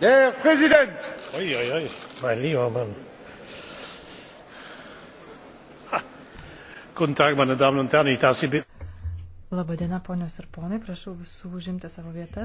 Der Präsident! Uiuiui, mein lieber Mann. Guten Tag, meine Damen und Herren, ich darf Sie bitten. Labadiena, ponios ir ponai, prašau visų užimti savo vietas.